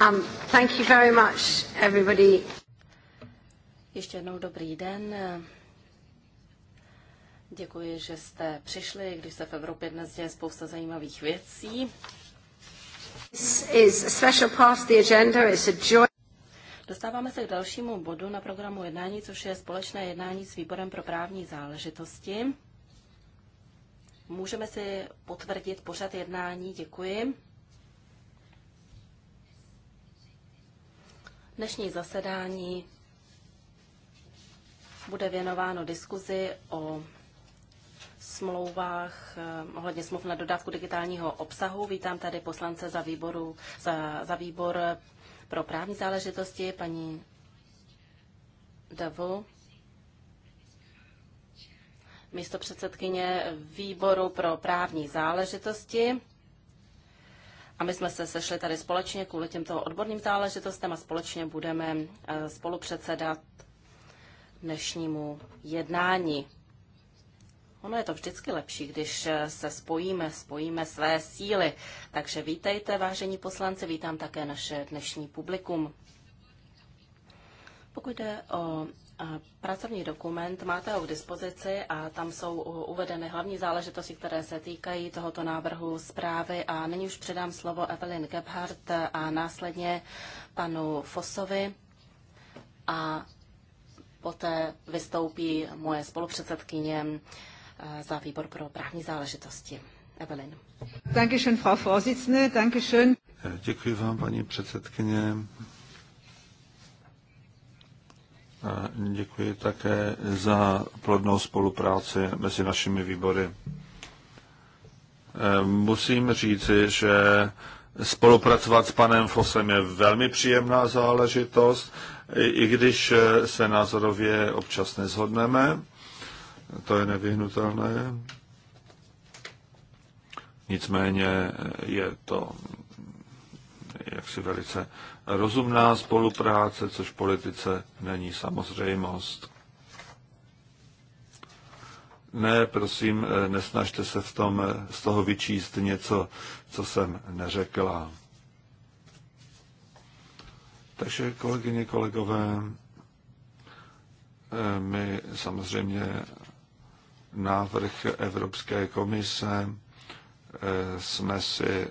Um, thank you very much, everybody. Ještě jednou dobrý den. Děkuji, že jste přišli, když se v Evropě dnes děje spousta zajímavých věcí. Dostáváme se k dalšímu bodu na programu jednání, což je společné jednání s výborem pro právní záležitosti. Můžeme si potvrdit pořad jednání. Děkuji. Dnešní zasedání bude věnováno diskuzi o smlouvách, eh, ohledně smluv na dodávku digitálního obsahu. Vítám tady poslance za, výboru, za, za výbor pro právní záležitosti, paní Davu, místo předsedkyně výboru pro právní záležitosti. A my jsme se sešli tady společně kvůli těmto odborným záležitostem a společně budeme eh, spolupředsedat dnešnímu jednání. Ono je to vždycky lepší, když eh, se spojíme, spojíme své síly. Takže vítejte, vážení poslanci, vítám také naše dnešní publikum. Pokud jde o pracovní dokument, máte ho k dispozici a tam jsou uvedeny hlavní záležitosti, které se týkají tohoto návrhu zprávy a nyní už předám slovo Evelyn Gebhardt a následně panu Fosovi a poté vystoupí moje spolupředsedkyně eh, za výbor pro právní záležitosti. Evelyn. Eh, děkuji vám, paní předsedkyně děkuji také za plodnou spolupráci mezi našimi výbory. Eh, musím říci, že spolupracovat s panem Fosem je velmi příjemná záležitost, i když eh, se názorově občas nezhodneme, to je nevyhnutelné. Nicméně eh, je to jaksi velice rozumná spolupráce, což v politice není samozřejmost. Ne, prosím, nesnažte se v tom, z toho vyčíst něco, co jsem neřekla. Takže kolegyně, kolegové, my samozřejmě návrh Evropské komise eh, jsme si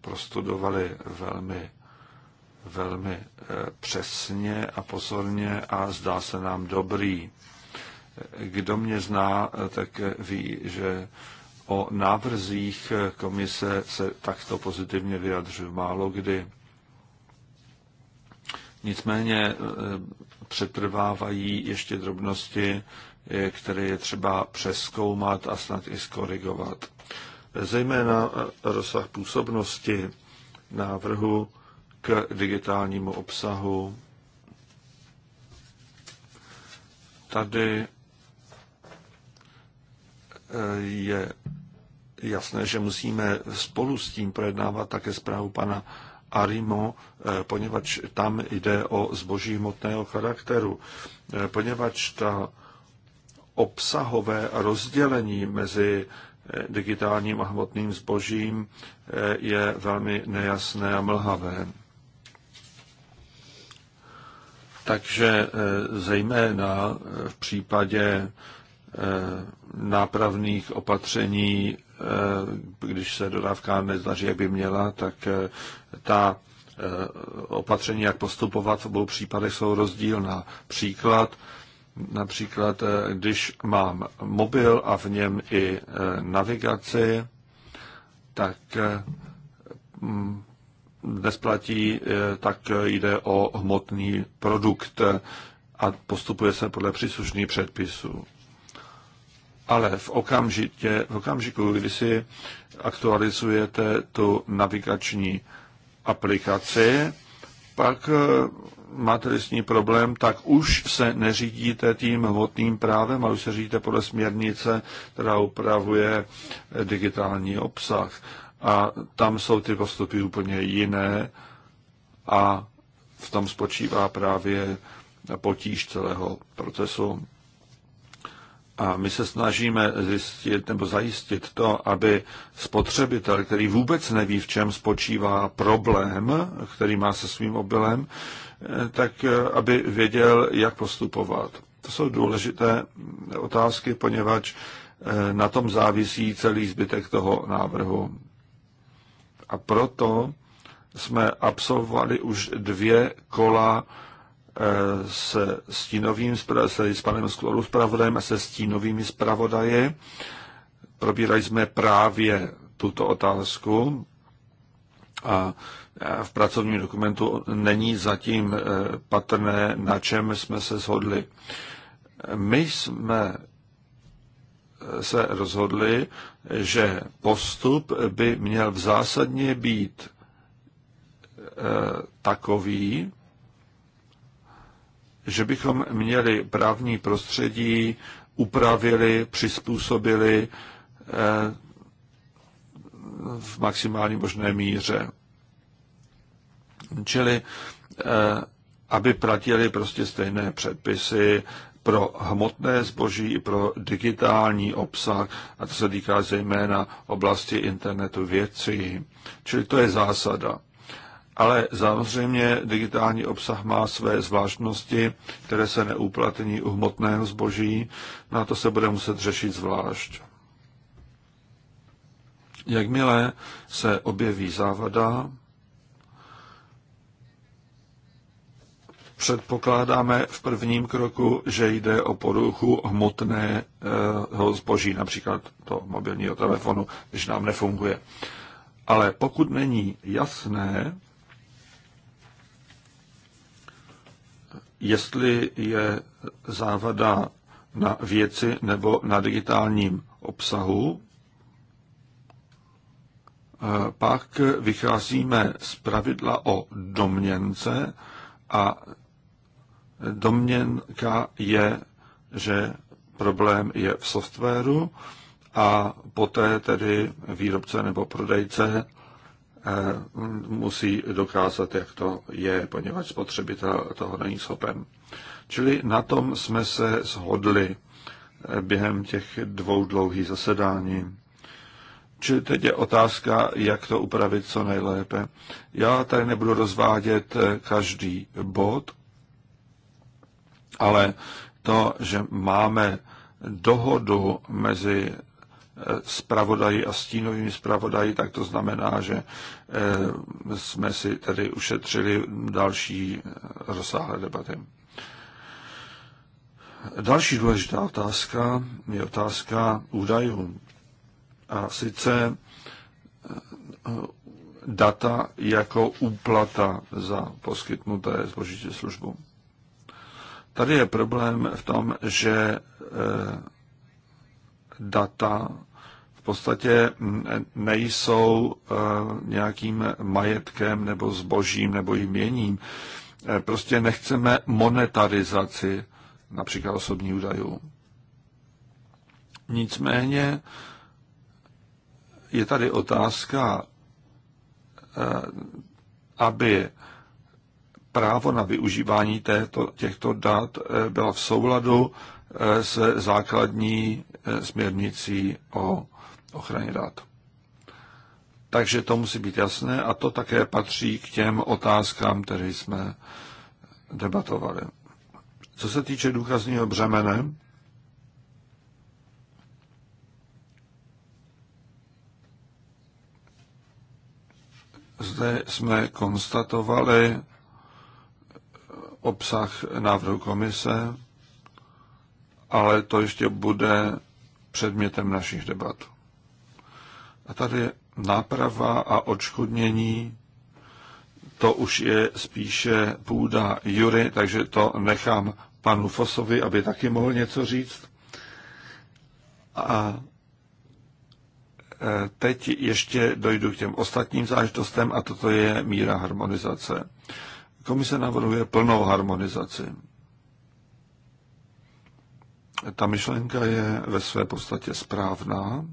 prostudovali velmi velmi eh, přesně a pozorně a zdá se nám dobrý. Kdo mě zná, eh, tak eh, ví, že o návrzích komise se takto pozitivně vyjadřuje málo kdy. Nicméně přetrvávají ještě drobnosti, které je třeba přeskoumat a snad i skorigovat. Zejména rozsah působnosti návrhu k digitálnímu obsahu. Tady eh, je jasné, že musíme spolu s tím projednávat také zprávu pana Arimo, eh, poněvadž tam jde o zboží hmotného charakteru. Eh, poněvadž ta obsahové rozdělení mezi digitálním a hmotným zbožím je velmi nejasné a mlhavé. Takže eh, zejména eh, v případě eh, nápravných opatření, když se dodávka nezdaří, jak by měla, tak ta opatření, jak postupovat v obou případech, jsou rozdílná. Příklad, například, když mám mobil a v něm i navigaci, tak dnes platí, eh, tak jde o hmotný produkt a postupuje se podle příslušných předpisů. Ale v, okamžitě, v okamžiku, kdy si aktualizujete tu navigační aplikaci, pak eh, máte ní problém, tak už se neřídíte tím hmotným právem, ale už se řídíte podle směrnice, která upravuje digitální obsah a tam jsou ty postupy úplně jiné a v tom spočívá právě potíž celého procesu. A my se snažíme zjistit nebo zajistit to, aby spotřebitel, který vůbec neví, v čem spočívá problém, který má se svým obylem, tak aby věděl, jak postupovat. To jsou důležité otázky, poněvadž eh, na tom závisí celý zbytek toho návrhu. A proto jsme absolvovali už dvě kola eh, se stínovým, se, s panem Skloru zpravodajem a se stínovými zpravodaje. Probírali jsme právě tuto otázku a v pracovním dokumentu není zatím eh, patrné, na čem jsme se shodli. My jsme se rozhodli, že postup by měl v zásadně být e, takový, že bychom měli právní prostředí upravili, přizpůsobili e, v maximální možné míře. Čili e, aby platili prostě stejné předpisy pro hmotné zboží i pro digitální obsah, a to se týká zejména oblasti internetu věcí. Čili to je zásada. Ale samozřejmě digitální obsah má své zvláštnosti, které se neuplatní u hmotného zboží. Na to se bude muset řešit zvlášť. Jakmile se objeví závada, předpokládáme v prvním kroku, že jde o poruchu hmotného eh, zboží, například to mobilního telefonu, když nám nefunguje. Ale pokud není jasné, jestli je závada na věci nebo na digitálním obsahu, eh, pak vycházíme z pravidla o domněnce a domněnka je, že problém je v softwaru a poté tedy výrobce nebo prodejce eh, musí dokázat, jak to je, poněvadž spotřebitel toho není schopen. Čili na tom jsme se shodli eh, během těch dvou dlouhých zasedání. Čili teď je otázka, jak to upravit co nejlépe. Já tady nebudu rozvádět eh, každý bod, ale to, že máme dohodu mezi zpravodají eh, a stínovými zpravodají, tak to znamená, že eh, jsme si tedy ušetřili další eh, rozsáhlé debaty. Další důležitá otázka je otázka údajů. A sice data jako úplata za poskytnuté zboží službu. Tady je problém v tom, že e, data v podstatě nejsou e, nějakým majetkem nebo zbožím nebo jměním. E, prostě nechceme monetarizaci například osobních údajů. Nicméně je tady otázka, aby právo na využívání této, těchto dat eh, byla v souladu eh, se základní eh, směrnicí o ochraně dat. Takže to musí být jasné a to také patří k těm otázkám, které jsme debatovali. Co se týče důkazního břemene, zde jsme konstatovali obsah návrhu komise, ale to ještě bude předmětem našich debat. A tady náprava a odškodnění, to už je spíše půda Jury, takže to nechám panu Fosovi, aby taky mohl něco říct. A e, teď ještě dojdu k těm ostatním zážitostem a toto je míra harmonizace. Komise navrhuje plnou harmonizaci. Ta myšlenka je ve své podstatě správná.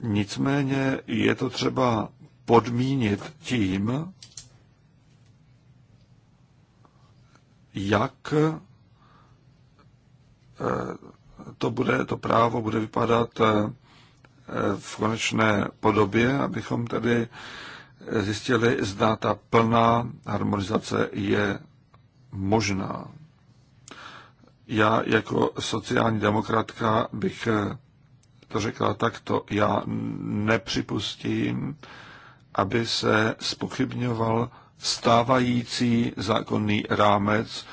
Nicméně je to třeba podmínit tím, jak eh, to, bude, to právo bude vypadat eh, v konečné podobě, abychom tedy zjistili, zda ta plná harmonizace je možná. Já jako sociální demokratka bych eh, to řekla takto. Já nepřipustím, aby se spochybňoval stávající zákonný rámec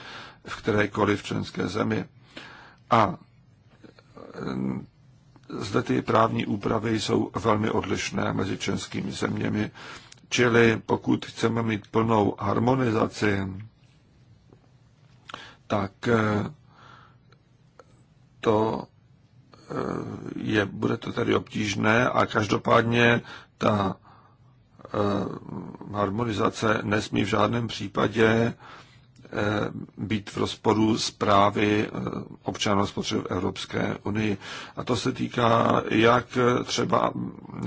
v kterékoliv členské zemi. A eh, zde ty právní úpravy jsou velmi odlišné mezi členskými zeměmi. Čili pokud chceme mít plnou harmonizaci, tak eh, to eh, je, bude to tady obtížné a každopádně ta eh, harmonizace nesmí v žádném případě Eh, být v rozporu s právy eh, občanů v Evropské unii. A to se týká jak eh, třeba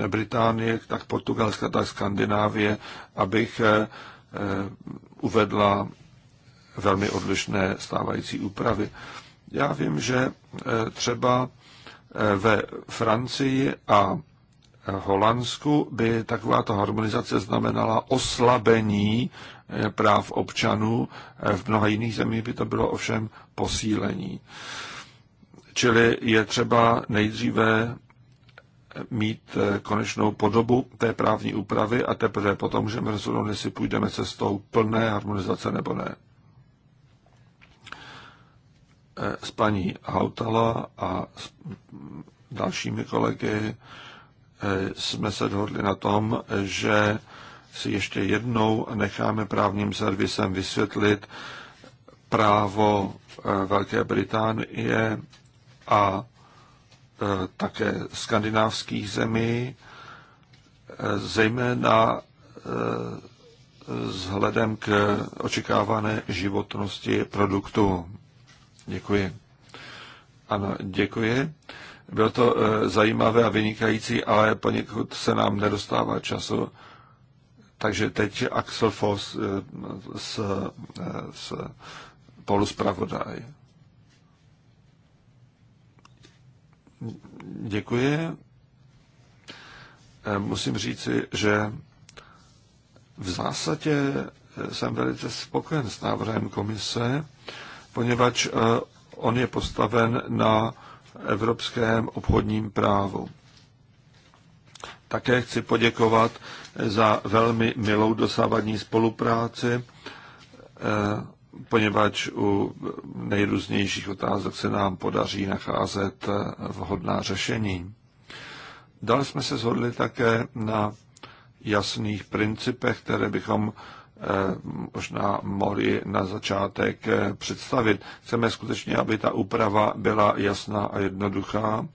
Británie, tak Portugalska, tak Skandinávie, abych uvedla velmi odlišné stávající úpravy. Já vím, že třeba ve Francii a Holandsku by takováto harmonizace znamenala oslabení eh, práv občanů, eh, v mnoha jiných zemích by to bylo ovšem posílení. Čili je třeba nejdříve eh, mít konečnou podobu té právní úpravy a teprve potom můžeme rozhodnout, jestli půjdeme cestou plné harmonizace nebo ne. S paní Hautala a s mm, dalšími kolegy jsme se dohodli na tom, že si ještě jednou necháme právním servisem vysvětlit právo eh, Velké Británie a eh, také skandinávských zemí, eh, zejména vzhledem k očekávané životnosti produktu. Děkuji. Ano, děkuji. Bylo to eh, zajímavé a vynikající, ale poněkud se nám nedostává času. Takže teď Axel Foss eh, s, eh, s poluspravodaj. Děkuji. Musím říci, že v zásadě jsem velice spokojen s návrhem komise, poněvadž on je postaven na evropském obchodním právu. Také chci poděkovat za velmi milou dosávadní spolupráci, eh, poněvadž u nejrůznějších otázek se nám podaří nacházet eh, vhodná řešení. Dále jsme se shodli také na jasných principech, které bychom Eh, možná mohli na začátek eh, představit. Chceme skutečně, aby ta úprava byla jasná a jednoduchá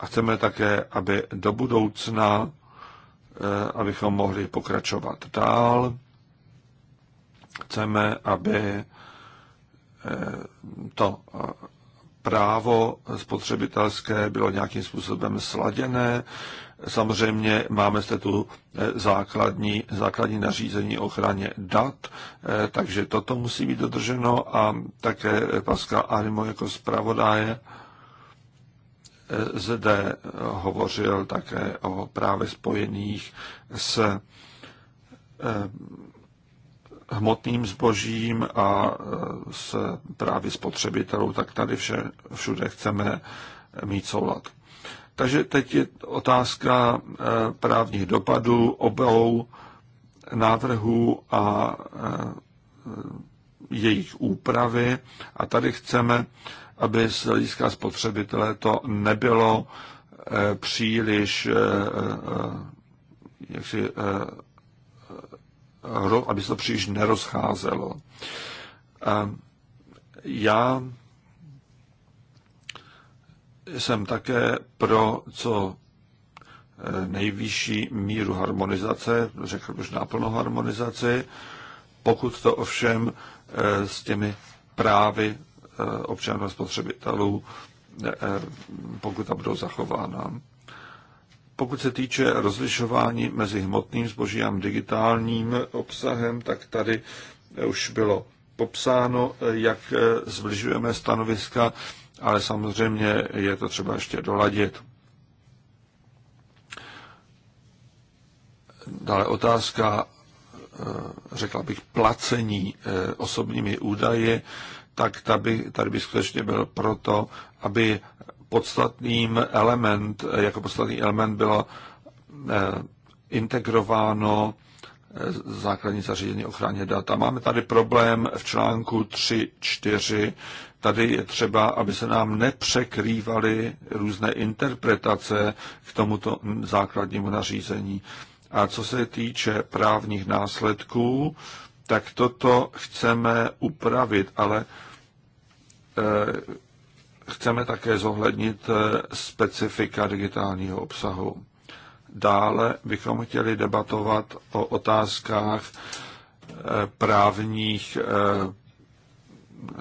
a chceme také, aby do budoucna, eh, abychom mohli pokračovat dál, chceme, aby to právo spotřebitelské bylo nějakým způsobem sladěné, Samozřejmě máme zde tu eh, základní, základní nařízení o ochraně dat, eh, takže toto musí být dodrženo a také Pascal Arimo jako zpravodaje eh, zde hovořil také o právě spojených s hmotným zbožím a s právě spotřebitelů, tak tady vše, všude chceme mít soulad. Takže teď je otázka eh, právních dopadů obou návrhů a eh, jejich úpravy. A tady chceme, aby z hlediska spotřebitele to nebylo eh, příliš si, aby se to příliš nerozcházelo. Já jsem také pro co eh, nejvyšší míru harmonizace, řekl bych náplnou harmonizaci, pokud to ovšem eh, s těmi právy eh, občanů a spotřebitelů, pokud tam budou zachována. Pokud se týče rozlišování mezi hmotným zboží a digitálním obsahem, tak tady už bylo popsáno, jak zbližujeme stanoviska ale samozřejmě je to třeba ještě doladit. Dále otázka, eh, řekla bych, placení eh, osobními údaji, tak tady, tady by skutečně byl proto, aby podstatným element, eh, jako podstatný element bylo integrováno základní zařízení ochraně dat. máme tady problém v článku 3.4, tady je třeba, aby se nám nepřekrývaly různé interpretace k tomuto základnímu nařízení. A co se týče právních následků, tak toto chceme upravit, ale eh, chceme také zohlednit eh, specifika digitálního obsahu. Dále bychom chtěli debatovat o otázkách eh, právních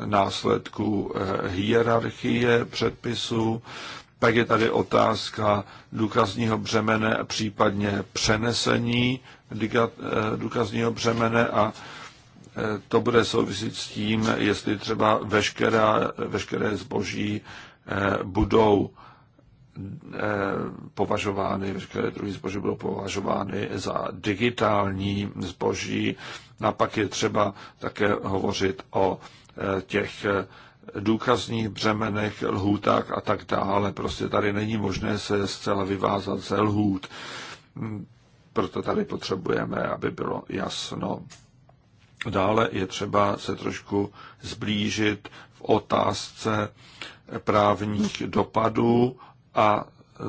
následku eh, hierarchie předpisů, pak je tady otázka důkazního břemene, případně přenesení eh, důkazního břemene a eh, to bude souviset s tím, jestli třeba veškerá, veškeré zboží budou považovány, veškeré druhé zboží budou považovány za digitální zboží. A pak je třeba také hovořit o těch eh, důkazních břemenech, lhůtách a tak dále. Prostě tady není možné se zcela vyvázat ze lhůt. Mm, proto tady potřebujeme, aby bylo jasno. Dále je třeba se trošku zblížit v otázce právních dopadů a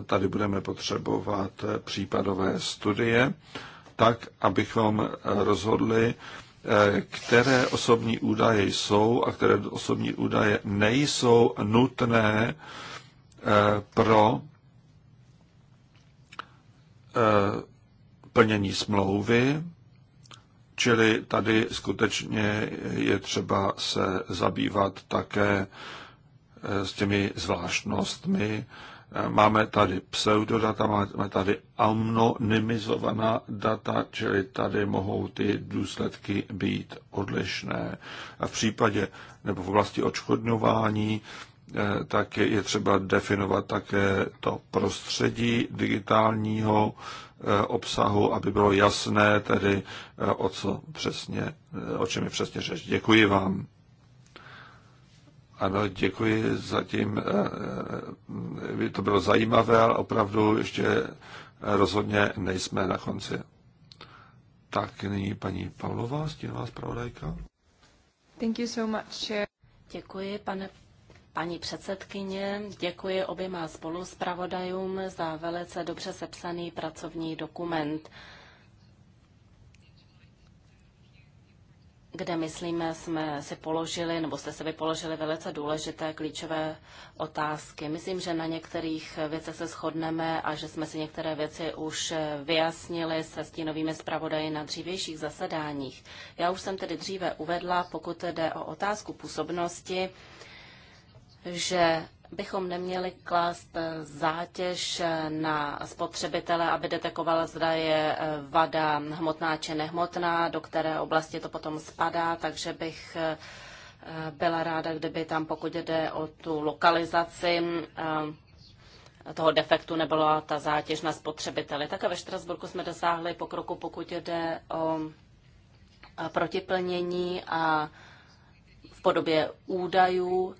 tady budeme potřebovat případové studie, tak, abychom rozhodli, které osobní údaje jsou a které osobní údaje nejsou nutné eh, pro eh, plnění smlouvy, čili tady skutečně je třeba se zabývat také eh, s těmi zvláštnostmi, Eh, máme tady pseudodata, máme tady anonymizovaná data, čili tady mohou ty důsledky být odlišné. A v případě nebo v oblasti očkodňování eh, tak je třeba definovat také to prostředí digitálního eh, obsahu, aby bylo jasné tedy, o co přesně, o čem je přesně řeč. Děkuji vám. Ano, děkuji za tím. Eh, eh, to bylo zajímavé, ale opravdu ještě rozhodně nejsme na konci. Tak nyní paní Pavlová, stínová zpravodajka. Thank you so much. Děkuji, pane Paní předsedkyně, děkuji oběma spoluzpravodajům za velice dobře sepsaný pracovní dokument. kde, myslíme, jsme si položili, nebo jste se vypoložili velice důležité klíčové otázky. Myslím, že na některých věcech se shodneme a že jsme si některé věci už vyjasnili se stínovými zpravodaji na dřívějších zasedáních. Já už jsem tedy dříve uvedla, pokud jde o otázku působnosti, že bychom neměli klást eh, zátěž eh, na spotřebitele, aby detekoval, zda je eh, vada hmotná či nehmotná, do které oblasti to potom spadá, takže bych byla ráda, kdyby tam, pokud jde o tu lokalizaci toho defektu, nebyla ta zátěž na spotřebiteli. Také ve Štrasburku jsme dosáhli pokroku, pokud jde o protiplnění a v podobě údajů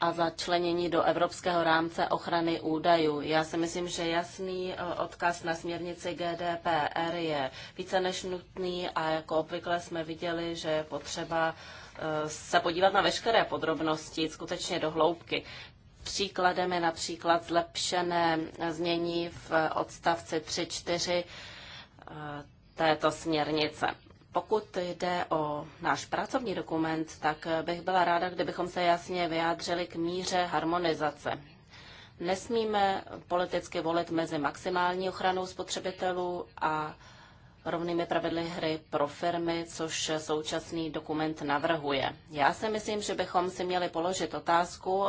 a začlenění do evropského rámce ochrany údajů. Já si myslím, že jasný e, odkaz na směrnici GDPR je více než nutný a jako obvykle jsme viděli, že je potřeba e, se podívat na veškeré podrobnosti, skutečně do hloubky. Příkladem je například zlepšené znění v odstavci 3.4 e, této směrnice. Pokud jde o náš pracovní dokument, tak bych byla ráda, kdybychom se jasně vyjádřili k míře harmonizace. Nesmíme politicky volit mezi maximální ochranou spotřebitelů a rovnými pravidly hry pro firmy, což současný dokument navrhuje. Já si myslím, že bychom si měli položit otázku,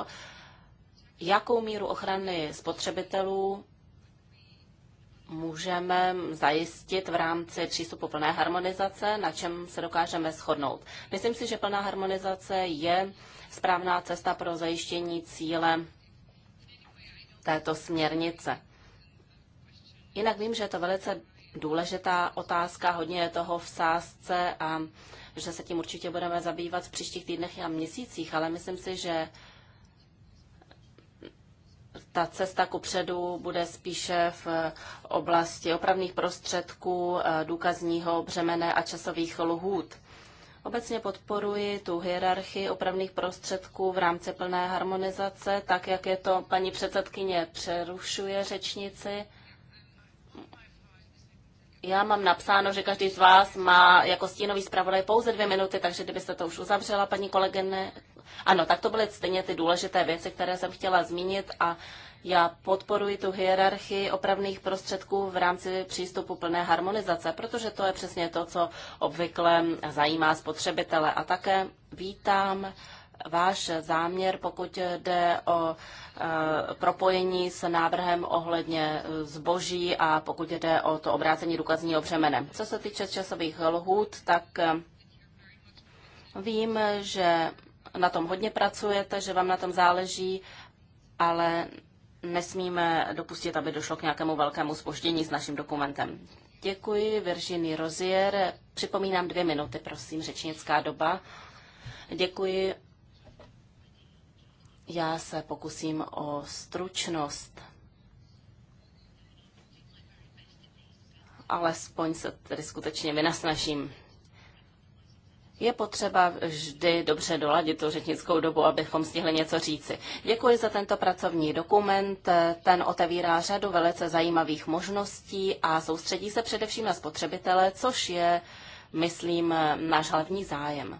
jakou míru ochrany spotřebitelů můžeme zajistit v rámci přístupu plné harmonizace, na čem se dokážeme shodnout. Myslím si, že plná harmonizace je správná cesta pro zajištění cíle této směrnice. Jinak vím, že je to velice důležitá otázka, hodně je toho v sázce a že se tím určitě budeme zabývat v příštích týdnech a měsících, ale myslím si, že ta cesta ku předu bude spíše v oblasti opravných prostředků, eh, důkazního břemene a časových lhůt. Obecně podporuji tu hierarchii opravných prostředků v rámci plné harmonizace, tak jak je to paní předsedkyně přerušuje řečnici. Já mám napsáno, že každý z vás má jako stínový zpravodaj pouze dvě minuty, takže kdybyste to už uzavřela, paní kolegyně. Ano, tak to byly stejně ty důležité věci, které jsem chtěla zmínit a já podporuji tu hierarchii opravných prostředků v rámci přístupu plné harmonizace, protože to je přesně to, co obvykle zajímá spotřebitele. A také vítám váš záměr, pokud jde o e, propojení s návrhem ohledně zboží a pokud jde o to obrácení důkazního břemene. Co se týče časových lhůt, tak eh, vím, že na tom hodně pracujete, že vám na tom záleží, ale nesmíme dopustit, aby došlo k nějakému velkému spoždění s naším dokumentem. Děkuji, Virginie Rozier. Připomínám dvě minuty, prosím, řečnická doba. Děkuji. Já se pokusím o stručnost. Alespoň se tedy skutečně vynasnažím je potřeba vždy dobře doladit tu řečnickou dobu, abychom stihli něco říci. Děkuji za tento pracovní dokument. Ten otevírá řadu velice zajímavých možností a soustředí se především na spotřebitele, což je, myslím, náš hlavní zájem.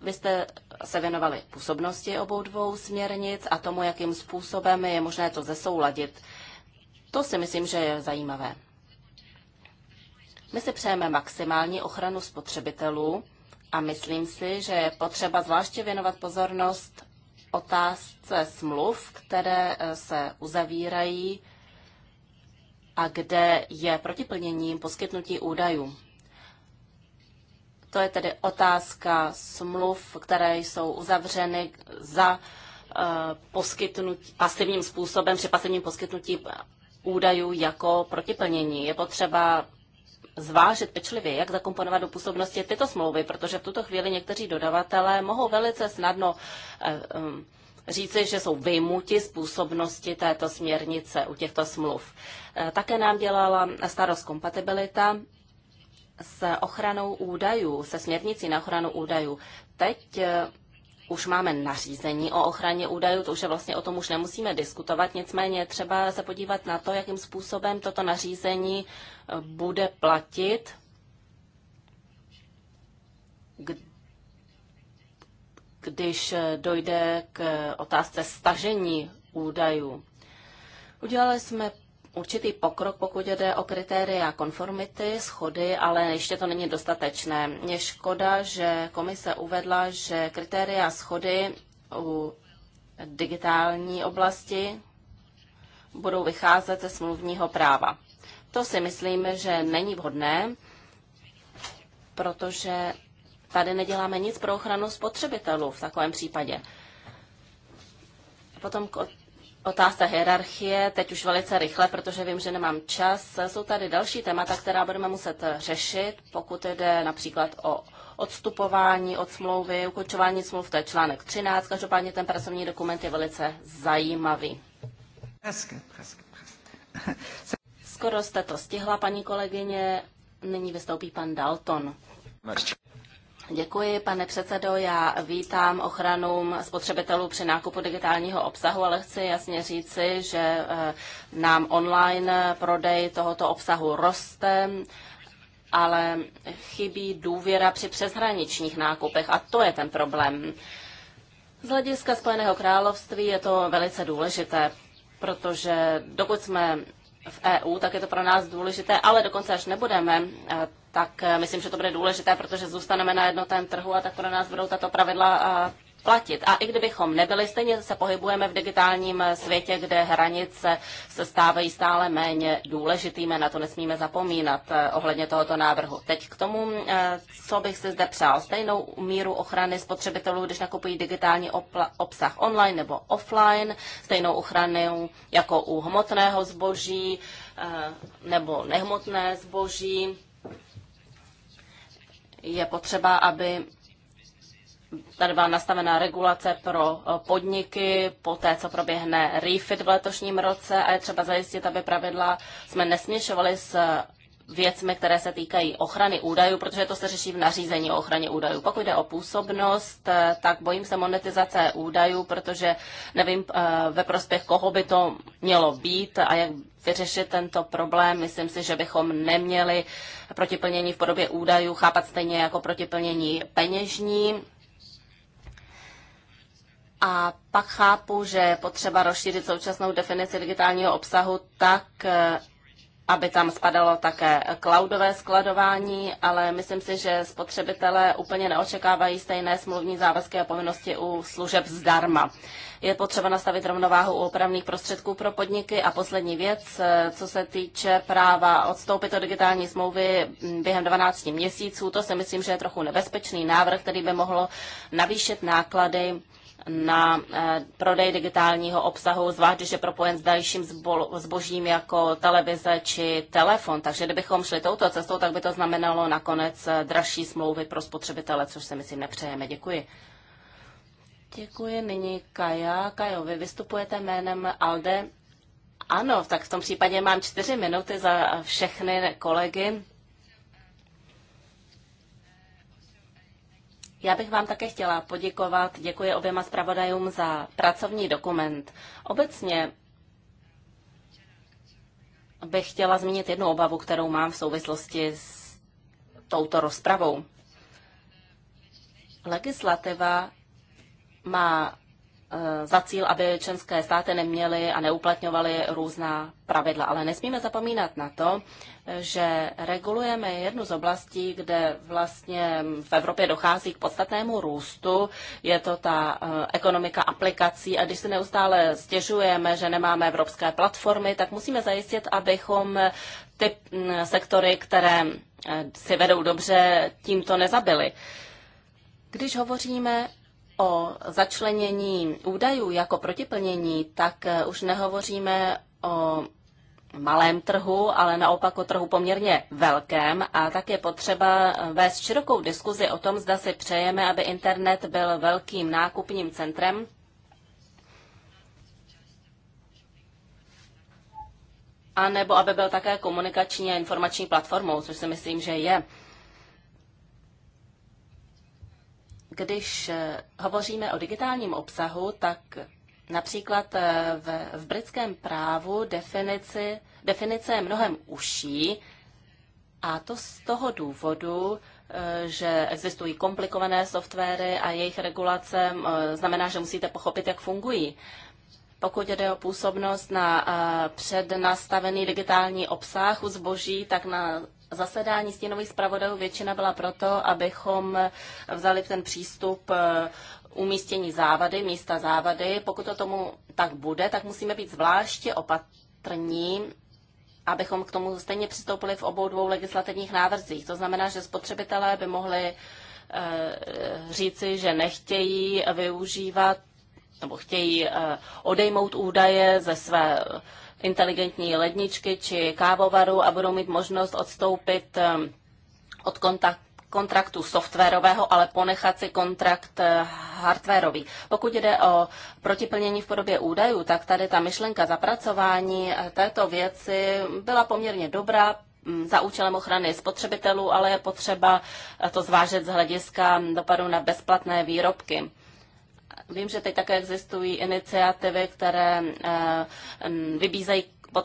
Vy jste se věnovali působnosti obou dvou směrnic a tomu, jakým způsobem je možné to zesouladit. To si myslím, že je zajímavé. My si přejeme maximální ochranu spotřebitelů a myslím si, že je potřeba zvláště věnovat pozornost otázce smluv, které eh, se uzavírají a kde je protiplněním poskytnutí údajů. To je tedy otázka smluv, které jsou uzavřeny za eh, poskytnutí, pasivním způsobem při pasivním poskytnutí údajů jako protiplnění. Je potřeba zvážit pečlivě, jak zakomponovat do působnosti tyto smlouvy, protože v tuto chvíli někteří dodavatelé mohou velice snadno eh, um, říci, že jsou vyjmuti z působnosti této směrnice u těchto smluv. Eh, také nám dělala starost kompatibilita s ochranou údajů, se směrnicí na ochranu údajů. Teď eh, už máme nařízení o ochraně údajů, to už je vlastně o tom už nemusíme diskutovat, nicméně třeba se podívat na to, jakým způsobem toto nařízení eh, bude platit, když eh, dojde k eh, otázce stažení údajů. Udělali jsme určitý pokrok, pokud jde o kritéria konformity, schody, ale ještě to není dostatečné. Je škoda, že komise uvedla, že kritéria schody u digitální oblasti budou vycházet ze smluvního práva. To si myslím, že není vhodné, protože tady neděláme nic pro ochranu spotřebitelů v takovém případě. Potom Otázka hierarchie, teď už velice rychle, protože vím, že nemám čas. Jsou tady další témata, která budeme muset řešit, pokud jde například o odstupování od smlouvy, ukončování smluv, to je článek 13. Každopádně ten pracovní dokument je velice zajímavý. Skoro jste to stihla, paní kolegyně. Nyní vystoupí pan Dalton. Děkuji, pane předsedo. Já vítám ochranu spotřebitelů při nákupu digitálního obsahu, ale chci jasně říci, že eh, nám online prodej tohoto obsahu roste ale chybí důvěra při přeshraničních nákupech a to je ten problém. Z hlediska Spojeného království je to velice důležité, protože dokud jsme v EU, tak je to pro nás důležité, ale dokonce až nebudeme, eh, tak eh, myslím, že to bude důležité, protože zůstaneme na jednotném trhu a tak pro nás budou tato pravidla eh, platit. A i kdybychom nebyli, stejně se pohybujeme v digitálním eh, světě, kde hranice se stávají stále méně důležitými, na to nesmíme zapomínat ohledně tohoto návrhu. Teď k tomu, co bych si zde přál. Stejnou míru ochrany spotřebitelů, když nakupují digitální obsah online nebo offline, stejnou ochranu jako u hmotného zboží nebo nehmotné zboží je potřeba, aby tady byla nastavená regulace pro eh, podniky po té, co proběhne refit v letošním roce a je třeba zajistit, aby pravidla jsme nesměšovali s věcmi, které se týkají ochrany údajů, protože to se řeší v nařízení o ochraně údajů. Pokud jde o působnost, eh, tak bojím se monetizace údajů, protože nevím, eh, ve prospěch koho by to mělo být a jak vyřešit tento problém. Myslím si, že bychom neměli protiplnění v podobě údajů chápat stejně jako protiplnění peněžní. A pak chápu, že potřeba rozšířit současnou definici digitálního obsahu tak, eh, aby tam spadalo také cloudové skladování, ale myslím si, že spotřebitelé úplně neočekávají stejné smluvní závazky a povinnosti u služeb zdarma. Je potřeba nastavit rovnováhu u opravných prostředků pro podniky a poslední věc, eh, co se týče práva odstoupit od digitální smlouvy mm, během 12 měsíců, to si myslím, že je trochu nebezpečný návrh, který by mohl navýšit náklady na eh, prodej digitálního obsahu, zvlášť když je propojen s dalším zbožím jako televize či telefon. Takže kdybychom šli touto cestou, tak by to znamenalo nakonec eh, dražší smlouvy pro spotřebitele, což se myslím nepřejeme. Děkuji. Děkuji. Nyní Kaja. Kajo, vy vystupujete jménem Alde. Ano, tak v tom případě mám čtyři minuty za všechny kolegy. Já bych vám také chtěla poděkovat, děkuji oběma zpravodajům za pracovní dokument. Obecně bych chtěla zmínit jednu obavu, kterou mám v souvislosti s touto rozpravou. Legislativa má Eh, za cíl, aby členské státy neměly a neuplatňovaly různá pravidla. Ale nesmíme zapomínat na to, že regulujeme jednu z oblastí, kde vlastně v Evropě dochází k podstatnému růstu. Je to ta eh, ekonomika aplikací a když se neustále stěžujeme, že nemáme evropské platformy, tak musíme zajistit, abychom ty mm, sektory, které eh, si vedou dobře, tímto nezabili. Když hovoříme o začlenění údajů jako protiplnění, tak eh, už nehovoříme o malém trhu, ale naopak o trhu poměrně velkém a tak je potřeba eh, vést širokou diskuzi o tom, zda si přejeme, aby internet byl velkým nákupním centrem. A nebo aby byl také komunikační a informační platformou, což si myslím, že je. když eh, hovoříme o digitálním obsahu, tak například eh, v, v britském právu definici, definice je mnohem užší, a to z toho důvodu, eh, že existují komplikované softwary a jejich regulace znamená, že musíte pochopit, jak fungují. Pokud jde o působnost na přednastavený digitální obsah u zboží, tak na zasedání stěnových zpravodajů většina byla proto, abychom vzali ten přístup eh, umístění závady, místa závady. Pokud to tomu tak bude, tak musíme být zvláště opatrní, abychom k tomu stejně přistoupili v obou dvou legislativních návrzích. To znamená, že spotřebitelé by mohli eh, říci, že nechtějí využívat nebo chtějí eh, odejmout údaje ze své inteligentní ledničky či kávovaru a budou mít možnost odstoupit ehm, od kontaktu kontraktu softwarového, ale ponechat si kontrakt eh, hardwarový. Pokud jde o protiplnění v podobě údajů, tak tady ta myšlenka zapracování eh, této věci byla poměrně dobrá mm, za účelem ochrany spotřebitelů, ale je potřeba eh, to zvážet z hlediska dopadu na bezplatné výrobky. Vím, že teď také existují iniciativy, které eh, vybízejí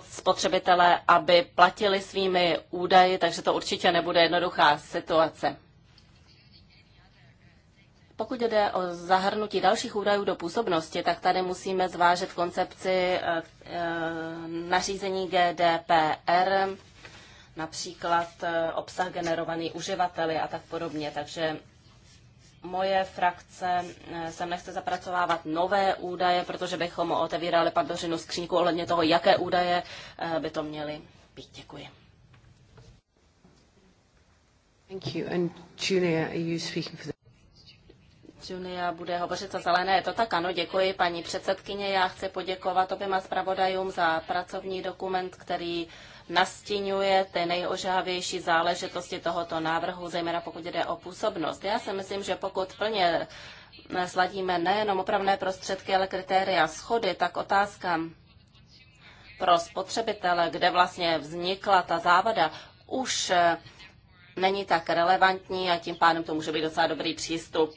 spotřebitele, aby platili svými údaji, takže to určitě nebude jednoduchá situace. Pokud jde o zahrnutí dalších údajů do působnosti, tak tady musíme zvážit koncepci eh, eh, nařízení GDPR, například obsah generovaný uživateli a tak podobně. Takže moje frakce eh, se nechce zapracovávat nové údaje, protože bychom otevírali padořinu skříňku ohledně toho, jaké údaje eh, by to měly být. Děkuji. Thank you. And Julia, are you speaking for the... Junia bude hovořit za zelené. Je to tak, ano, děkuji paní předsedkyně. Já chci poděkovat oběma zpravodajům za pracovní dokument, který uh, nastínuje ty nejožávější záležitosti tohoto návrhu, zejména pokud jde o působnost. Já si myslím, že pokud plně sladíme nejenom opravné prostředky, ale kritéria schody, tak otázka pro spotřebitele, kde vlastně vznikla ta závada, už eh, není tak relevantní a tím pádem to může být docela dobrý přístup.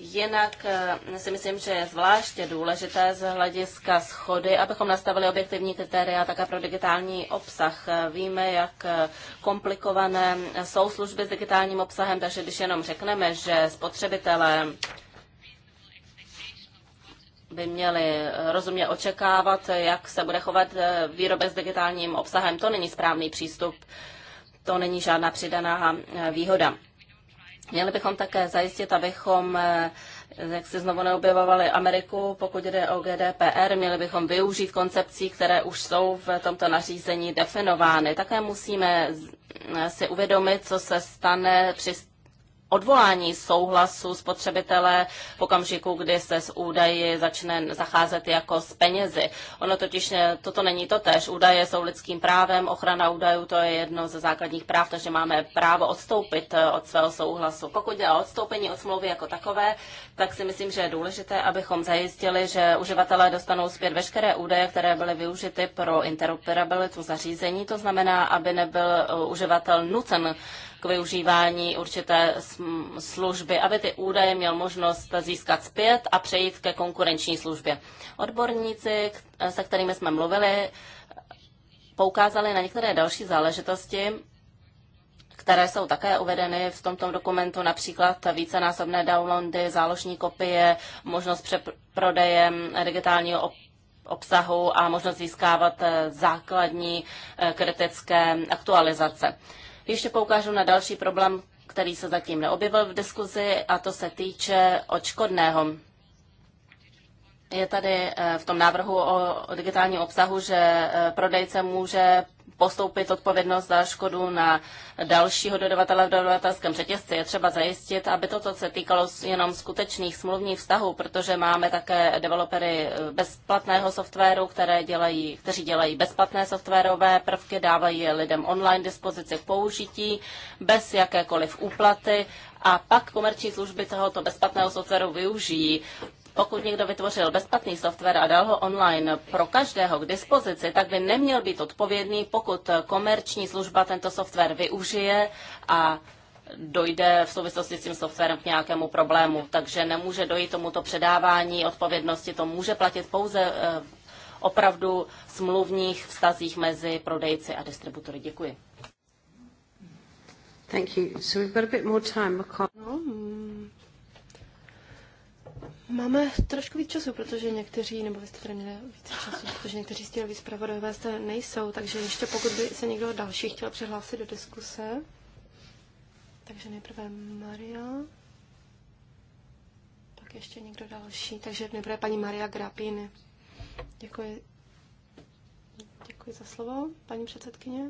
Jinak eh, si myslím, že je zvláště důležité z hlediska schody, abychom nastavili objektivní kritéria také pro digitální obsah. Eh, víme, jak eh, komplikované jsou služby s digitálním obsahem, takže když jenom řekneme, že spotřebitelé by měli rozumně očekávat, jak se bude chovat výrobe s digitálním obsahem, to není správný přístup, to není žádná přidaná výhoda. Měli bychom také zajistit, abychom eh, jak si znovu neobjevovali Ameriku, pokud jde o GDPR, měli bychom využít koncepcí, které už jsou v tomto nařízení definovány. Také musíme si uvědomit, co se stane při odvolání souhlasu spotřebitele v okamžiku, kdy se s údaji začne zacházet jako s penězi. Ono totiž toto není to tež. Údaje jsou lidským právem, ochrana údajů to je jedno ze základních práv, takže máme právo odstoupit eh, od svého souhlasu. Pokud jde o odstoupení od smlouvy jako takové, tak si myslím, že je důležité, abychom zajistili, že uživatelé dostanou zpět veškeré údaje, které byly využity pro interoperabilitu zařízení. To znamená, aby nebyl eh, uživatel nucen k využívání určité služby, aby ty údaje měl možnost získat zpět a přejít ke konkurenční službě. Odborníci, se kterými jsme mluvili, poukázali na některé další záležitosti, které jsou také uvedeny v tomto dokumentu, například vícenásobné downloady, záložní kopie, možnost přeprodeje eh, digitálního obsahu a možnost získávat eh, základní eh, kritické aktualizace. Ještě poukážu na další problém, který se zatím neobjevil v diskuzi, a to se týče očkodného. Je tady eh, v tom návrhu o digitálním obsahu, že eh, prodejce může postoupit odpovědnost za škodu na dalšího dodavatele v dodavatelském řetězci. Je třeba zajistit, aby toto se týkalo jenom skutečných smluvních vztahů, protože máme také developery eh, bezplatného softwaru, které dělají, kteří dělají bezplatné softwarové prvky, dávají lidem online dispozici k použití bez jakékoliv úplaty a pak komerční služby tohoto bezplatného softwaru využijí. Pokud někdo vytvořil bezplatný software a dal ho online pro každého k dispozici, tak by neměl být odpovědný, pokud komerční služba tento software využije a dojde v souvislosti s tím softwarem k nějakému problému. Takže nemůže dojít tomuto předávání odpovědnosti, to může platit pouze eh, opravdu smluvních vztazích mezi prodejci a distributory. Děkuji. Thank you. So we've got a bit more time. No, mm, Máme trošku víc času, protože někteří, nebo vy jste tady měli víc času, protože někteří těch zpravodajové zde nejsou, takže ještě pokud by se někdo další chtěl přihlásit do diskuse. Takže nejprve Maria, pak ještě někdo další, takže nejprve paní Maria Grapiny. Děkuji. Děkuji za slovo, paní předsedkyně.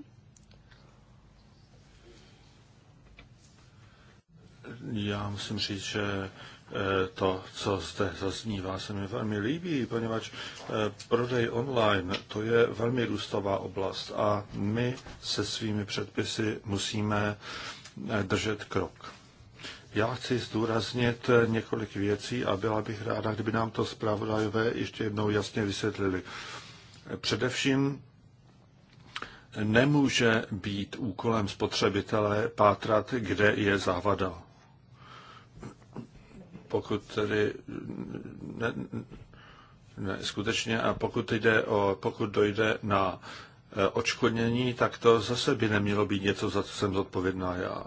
Já musím říct, že Eh, to, co zde zaznívá, se mi velmi líbí, poněvadž eh, prodej online to je velmi růstová oblast a my se svými předpisy musíme eh, držet krok. Já chci zdůraznit několik věcí a byla bych ráda, kdyby nám to zpravodajové ještě jednou jasně vysvětlili. Především nemůže být úkolem spotřebitele pátrat, kde je závada pokud tedy ne, ne, skutečně a pokud jde o, pokud dojde na e, očkodnění, tak to zase by nemělo být něco, za co jsem zodpovědná já.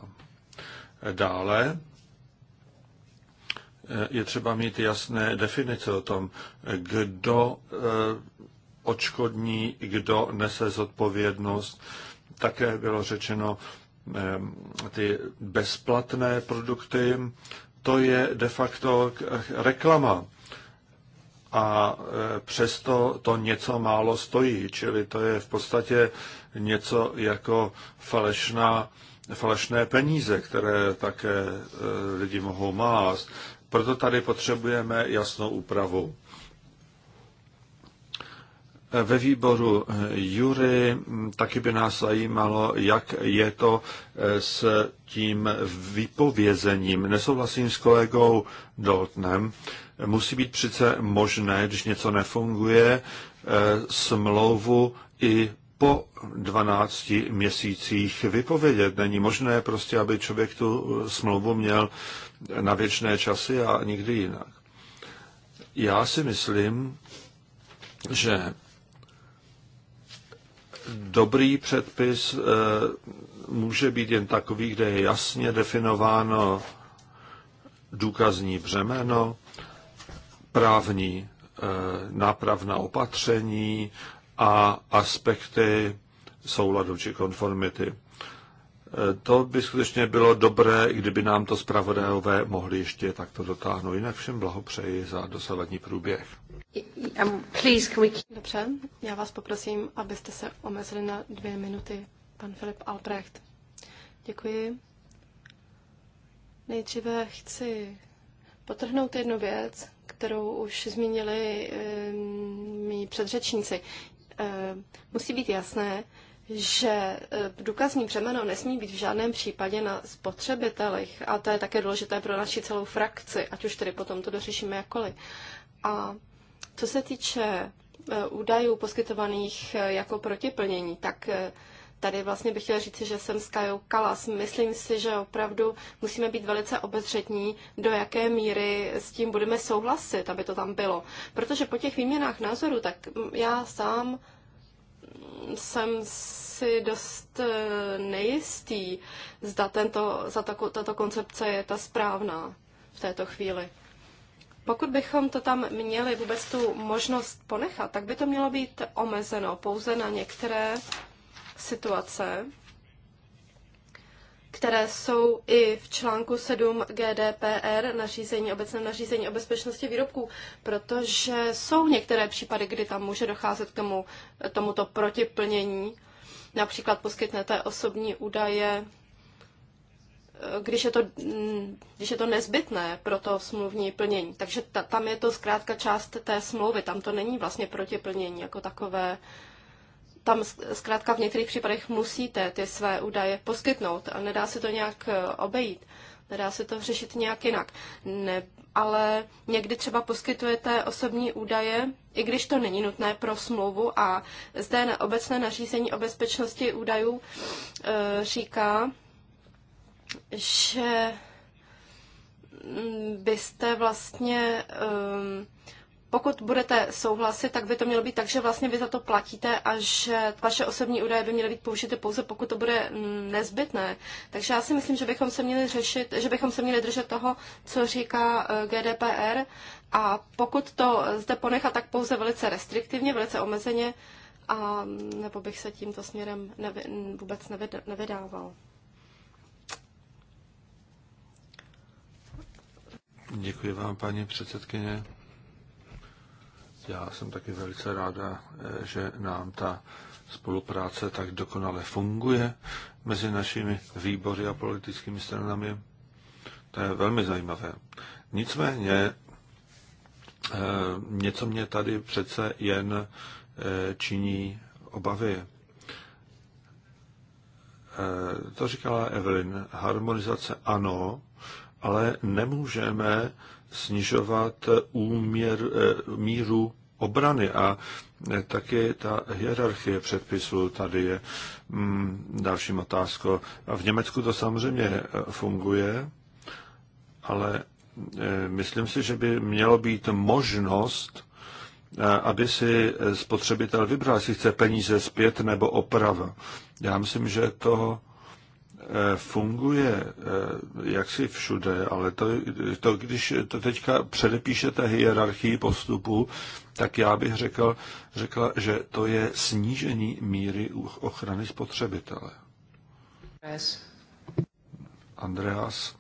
Dále e, je třeba mít jasné definice o tom, kdo e, očkodní, kdo nese zodpovědnost. Také bylo řečeno, ty bezplatné produkty, to je de facto reklama. A e, přesto to něco málo stojí, čili to je v podstatě něco jako falešná, falešné peníze, které také e, lidi mohou mást. Proto tady potřebujeme jasnou úpravu ve výboru eh, Jury mm, taky by nás zajímalo, jak je to eh, s tím vypovězením. Nesouhlasím s kolegou Doltnem. Musí být přece možné, když něco nefunguje, eh, smlouvu i po 12 měsících vypovědět. Není možné prostě, aby člověk tu smlouvu měl na věčné časy a nikdy jinak. Já si myslím, že dobrý předpis eh, může být jen takový, kde je jasně definováno důkazní břemeno, právní eh, nápravná opatření a aspekty souladu či konformity. Eh, to by skutečně bylo dobré, kdyby nám to zpravodajové mohli ještě takto dotáhnout. Jinak všem blahopřeji za dosavadní průběh. Um, Dobře, já vás poprosím, abyste se omezili na dvě minuty, pan Filip Albrecht. Děkuji. Nejdříve chci potrhnout jednu věc, kterou už zmínili e, um, mý předřečníci. E, musí být jasné, že důkazní břemeno nesmí být v žádném případě na spotřebitelích a to je také důležité pro naši celou frakci, ať už tedy potom to dořešíme jakkoliv. A co se týče e, údajů poskytovaných e, jako protiplnění, tak e, tady vlastně bych chtěla říct, že jsem s Kajou Kalas. Myslím si, že opravdu musíme být velice obezřetní, do jaké míry s tím budeme souhlasit, aby to tam bylo. Protože po těch výměnách názorů, tak já sám jsem si dost nejistý, zda tento, za tato, tato koncepce je ta správná v této chvíli. Pokud bychom to tam měli vůbec tu možnost ponechat, tak by to mělo být omezeno pouze na některé situace, které jsou i v článku 7 GDPR, nařízení, obecné nařízení o bezpečnosti výrobků, protože jsou některé případy, kdy tam může docházet k tomu, tomuto protiplnění. Například poskytnete osobní údaje když je to, mm, když je to nezbytné pro to smluvní plnění. Takže ta, tam je to zkrátka část té smlouvy, tam to není vlastně protiplnění jako takové. Tam zkrátka v některých případech musíte ty své údaje poskytnout a nedá se to nějak eh, obejít, nedá se to řešit nějak jinak. Ne, ale někdy třeba poskytujete osobní údaje, i když to není nutné pro smlouvu a zde na obecné nařízení o bezpečnosti údajů e, říká, že mm, byste vlastně, mm, pokud budete souhlasit, tak by to mělo být tak, že vlastně vy za to platíte a že vaše osobní údaje by měly být použity pouze, pokud to bude mm, nezbytné. Takže já si myslím, že bychom se měli řešit, že bychom se měli držet toho, co říká e, GDPR a pokud to zde ponechat, tak pouze velice restriktivně, velice omezeně, a nebo bych se tímto směrem nevy, vůbec nevydával. Děkuji vám, paní předsedkyně. Já jsem taky velice ráda, eh, že nám ta spolupráce tak dokonale funguje mezi našimi výbory a politickými stranami. To je velmi zajímavé. Nicméně eh, něco mě tady přece jen eh, činí obavy. To říkala Evelyn. Harmonizace ano, ale nemůžeme snižovat úměr, eh, míru obrany a eh, taky ta hierarchie předpisů tady je mm, dalším otázkou. A v Německu to samozřejmě eh, funguje, ale myslím si, že by mělo být možnost, aby si spotřebitel vybral, jestli chce peníze zpět nebo oprava. Já myslím, že to funguje eh, jaksi všude, ale to, to když to teďka předepíšete hierarchii postupu, tak já bych řekl, řekla, že to je snížení míry ochrany spotřebitele. Yes. Andreas,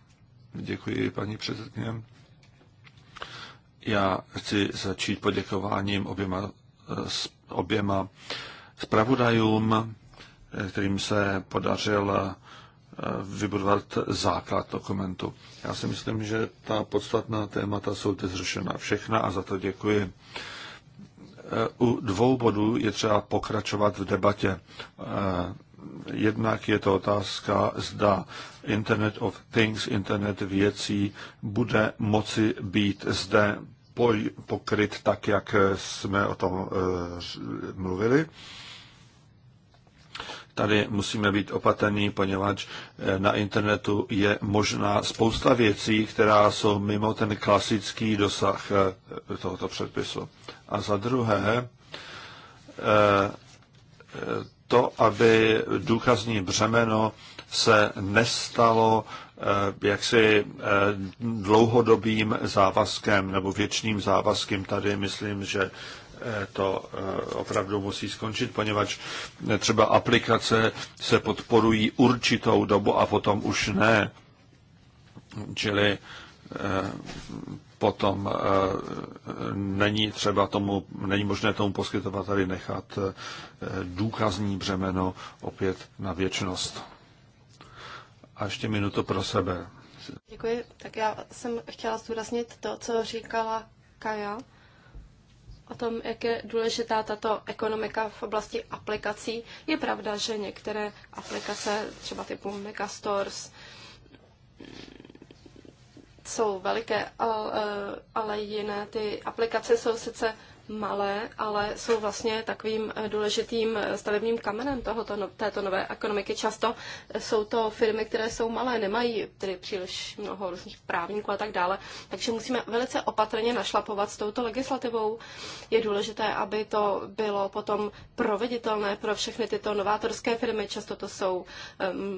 děkuji paní předsedkyně. Já chci začít poděkováním oběma, eh, oběma zpravodajům, eh, kterým se podařilo vybudovat základ dokumentu. Já si myslím, že ta podstatná témata jsou teď zřešena všechna a za to děkuji. U dvou bodů je třeba pokračovat v debatě. Eh, jednak je to otázka, zda Internet of Things, Internet věcí, bude moci být zde pokryt tak, jak jsme o tom eh, mluvili. Tady musíme být opatrní, poněvadž eh, na internetu je možná spousta věcí, která jsou mimo ten klasický dosah eh, tohoto předpisu. A za druhé, eh, to, aby důkazní břemeno se nestalo jaksi dlouhodobým závazkem nebo věčným závazkem. Tady myslím, že to eh, opravdu musí skončit, poněvadž třeba aplikace se podporují určitou dobu a potom už ne. Čili eh, potom eh, není třeba tomu, není možné tomu poskytovateli nechat důkazní břemeno opět na věčnost. A ještě minutu pro sebe. Děkuji. Tak já jsem chtěla zdůraznit to, co říkala Kaja o tom, jak je důležitá tato ekonomika v oblasti aplikací. Je pravda, že některé aplikace, třeba typu Megastores, jsou veliké, eh, ale, jiné ty aplikace jsou sice malé, ale jsou vlastně takovým eh, důležitým eh, stavebním kamenem tohoto, no-, této nové ekonomiky. Často eh, jsou to firmy, které jsou malé, nemají tedy příliš mnoho různých právníků a tak dále, takže musíme velice opatrně našlapovat s touto legislativou. Je důležité, aby to bylo potom proveditelné pro všechny tyto novátorské firmy. Často to jsou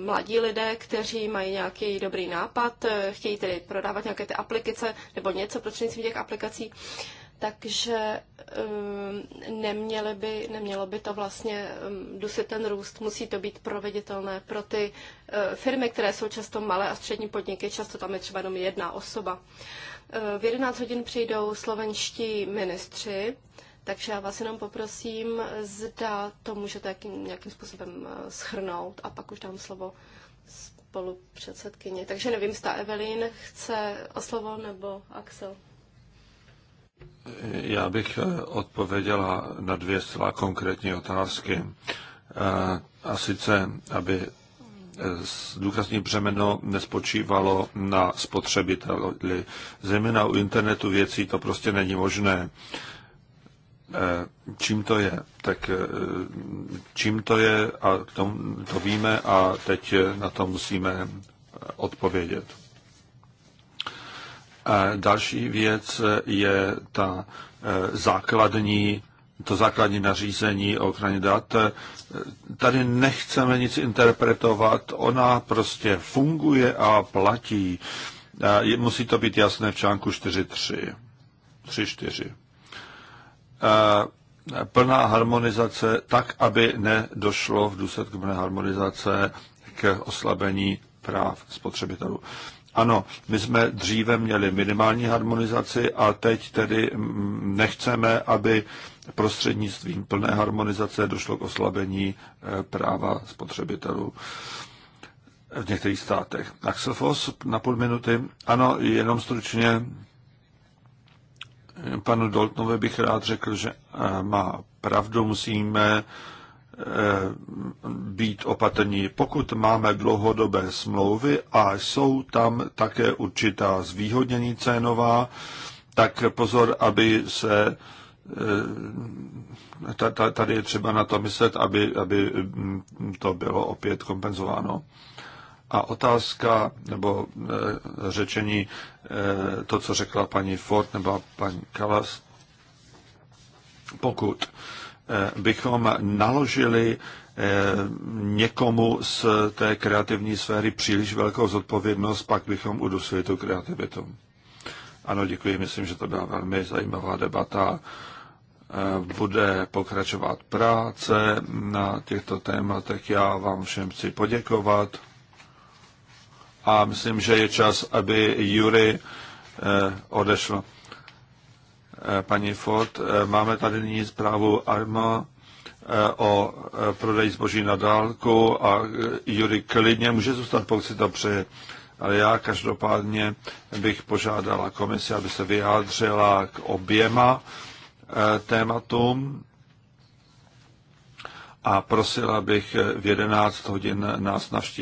mladí lidé, kteří mají nějaký dobrý nápad, chtějí tedy prodávat nějaké ty aplikace nebo něco prostřednictvím těch aplikací takže ehm, neměli by, nemělo by to vlastně ehm, dusit ten růst. Musí to být proveditelné pro ty eh, firmy, které jsou často malé a střední podniky, často tam je třeba jenom jedna osoba. Eh, v 11 hodin přijdou slovenští ministři, takže já vás jenom poprosím, zda to můžete jakým, nějakým způsobem eh, schrnout a pak už dám slovo spolupředsedkyni. Takže nevím, zda Evelyn chce o slovo nebo Axel. Já bych eh, odpověděla na dvě zcela konkrétní otázky. Eh, a sice, aby eh, důkazní břemeno nespočívalo na spotřebiteli. Zejména u internetu věcí to prostě není možné. Čím to je? Tak čím to je, a to, to víme a teď na to musíme odpovědět. Další věc je ta eh, základní, to základní nařízení o ochraně dat. Eh, tady nechceme nic interpretovat, ona prostě funguje a platí. Musí to být jasné v článku 4.3. 3.4 plná harmonizace tak, aby nedošlo v důsledku plné harmonizace k oslabení práv spotřebitelů. Ano, my jsme dříve měli minimální harmonizaci a teď tedy mm, nechceme, aby prostřednictvím plné harmonizace došlo k oslabení eh, práva spotřebitelů v některých státech. Axel Foss na půl minuty. Ano, jenom stručně panu Doltnovi bych rád řekl, že eh, má pravdu, musíme Eh, být opatrní. Pokud máme dlouhodobé smlouvy a jsou tam také určitá zvýhodnění cenová, tak pozor, aby se eh, tady je třeba na to myslet, aby, aby mm, to bylo opět kompenzováno. A otázka nebo eh, řečení to, co řekla paní Ford nebo paní Kalas, pokud Eh, bychom naložili eh, někomu z té kreativní sféry příliš velkou zodpovědnost, pak bychom udusili tu kreativitu. Ano, děkuji, myslím, že to byla velmi zajímavá debata. Eh, bude pokračovat práce na těchto tématech. Já vám všem chci poděkovat a myslím, že je čas, aby Jury odešlo. Eh, paní Ford. Eh, máme tady nyní zprávu Arma eh, o prodeji zboží na dálku a Jury klidně může zůstat, pokud si to přeje. Ale já každopádně bych požádala komisi, aby se vyjádřila k oběma tématům a prosila bych v 11 hodin nás navštívit